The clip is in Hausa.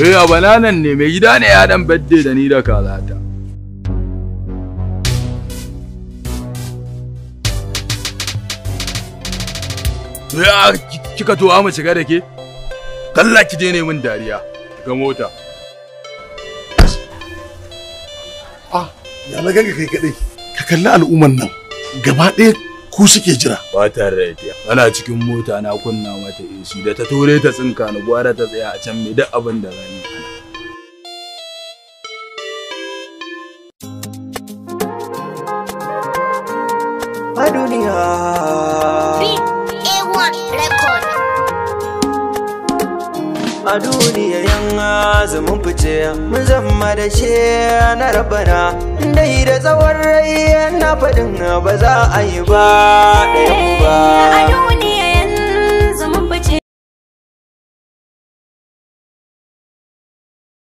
Eh, a nan ne mai gida ne ya dan badde da ni da kazata. Ya eh, kika to mu shiga da ke? Kalla ki je ne min dariya ga mota. Ah, ya na ganka kai kadai. Ka kalli al'umman nan. Gaba ɗaya ku suke jira. Ba ta rafiya. Ana cikin mota na kunna mata AC da ta tore ta tsinka na gwara ta tsaya a can mai duk abin da zan yi. a duniya yan azumin fice mun zama da shi na rabana dai da tsawon na faɗin ba za a yi ba